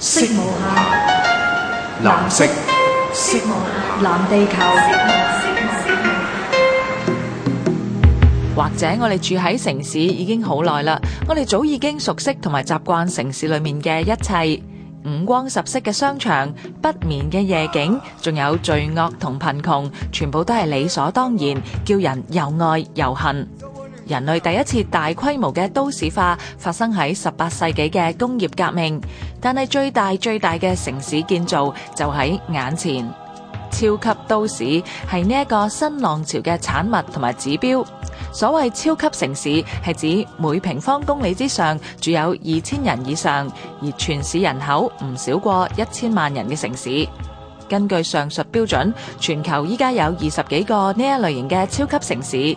色無暇，藍色。色無暇，藍地球。或者我哋住喺城市已經好耐啦，我哋早已經熟悉同埋習慣城市裏面嘅一切，五光十色嘅商場、不眠嘅夜景，仲有罪惡同貧窮，全部都係理所當然，叫人又愛又恨。人類第一次大規模嘅都市化發生喺十八世紀嘅工業革命，但係最大最大嘅城市建造就喺眼前。超級都市係呢一個新浪潮嘅產物同埋指標。所謂超級城市係指每平方公里之上住有二千人以上，而全市人口唔少過一千萬人嘅城市。根據上述標準，全球依家有二十幾個呢一類型嘅超級城市。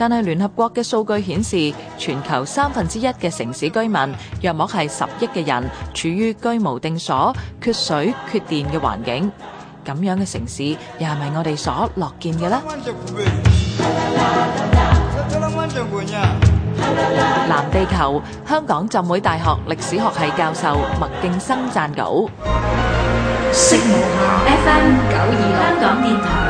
但係聯合國嘅數據顯示，全球三分之一嘅城市居民，約莫係十億嘅人，處於居無定所、缺水、缺電嘅環境。咁樣嘅城市，又係咪我哋所樂見嘅呢？藍地球，香港浸會大學歷史學系教授麥勁生撰稿。F M 九二香港電台。